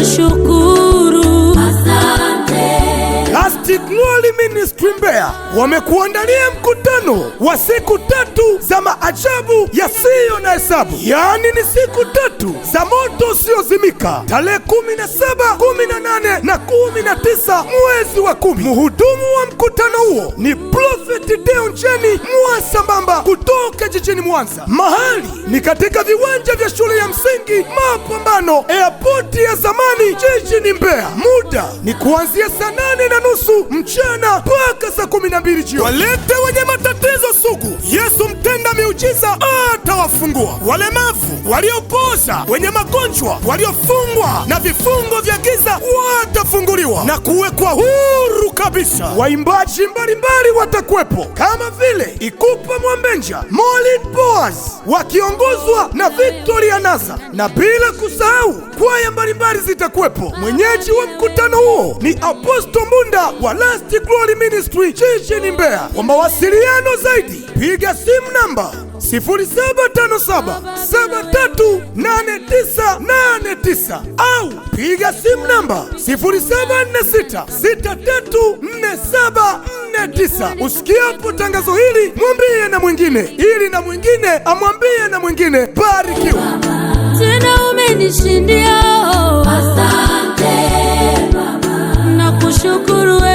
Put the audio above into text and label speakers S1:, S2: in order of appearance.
S1: nashukuru.
S2: Asante.
S3: Plastic Mwali Ministry Mbeya wamekuandalia mkutano wa siku tatu za maajabu yasiyo na hesabu, yaani ni siku tatu za moto usiozimika, tarehe 17, 18 na 19 mwezi wa kumi. Mhudumu wa mkutano huo ni Prophet Deo Njeni Mwasambamba kutoka nchini Mwanza. Mahali ni katika viwanja vya shule ya msingi Mapambano, airport ya zamani jijini Mbeya. Muda ni kuanzia saa nane na nusu mchana mpaka saa kumi na mbili jioni. Walete wenye matatizo sugu, Yesu mtenda miujiza atawafungua. Walemavu, waliopoza, wenye magonjwa, waliofungwa na vifungo vya giza, wata kufunguliwa na kuwekwa huru kabisa. Waimbaji mbalimbali watakuwepo kama vile Ikupa Mwambenja, Molin Boaz wakiongozwa na Victoria Naza, na bila kusahau kwaya mbalimbali zitakuwepo. Mwenyeji wa mkutano huo ni Apostle Munda wa Last Glory Ministry jijini Mbeya. Kwa mawasiliano zaidi piga simu namba 0757 73 kabisa au piga simu namba 0746634749. Usikiapo tangazo hili mwambie na mwingine, ili na mwingine amwambie na mwingine. Barikiwa.
S1: Tena umenishindia, oh.
S2: asante Baba,
S1: nakushukuru.